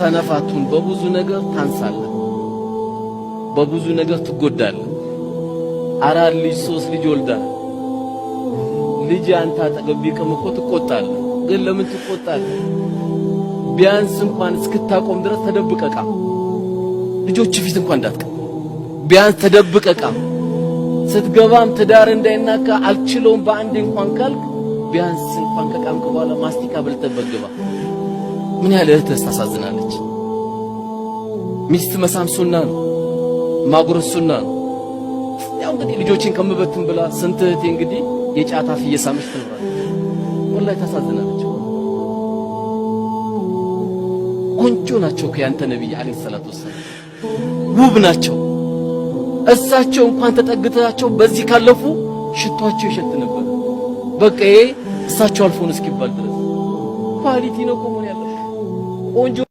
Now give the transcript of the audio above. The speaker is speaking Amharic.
ተነፋቱን በብዙ ነገር ታንሳለህ፣ በብዙ ነገር ትጎዳለህ። አራት ልጅ ሶስት ልጅ ወልዳል። ልጅ አንተ አጠገብ ቢቅም እኮ ትቆጣለህ። ግን ለምን ትቆጣለህ? ቢያንስ እንኳን እስክታቆም ድረስ ተደብቀቃ ልጆች ፊት እንኳን እንዳትቀም ቢያንስ ተደብቀቃ ስትገባም ትዳር እንዳይናካ አልችለውም በአንድ እንኳን ካልክ ቢያንስ እንኳን ከቃምክ በኋላ ማስቲካ በልተበት ምን ያህል እህትህ ታሳዝናለች። ሚስት መሳም ሱና ነው፣ ማጉረስ ሱና ነው። ያው እንግዲህ ልጆችን ከምበትን ብላ ስንት እህቴ እንግዲህ የጫት አፍ እየሳመች ትኖራለች። ወላሂ ታሳዝናለች። ቆንጆ ናቸው ከያንተ ነብይ አለይሂ ሰላቱ ወሰለም ውብ ናቸው። እሳቸው እንኳን ተጠግተታቸው በዚህ ካለፉ ሽቷቸው ይሸት ነበር። በቃ እሳቸው አልፎን እስኪባል ድረስ ኳሊቲ ነው እኮ ያለው። onde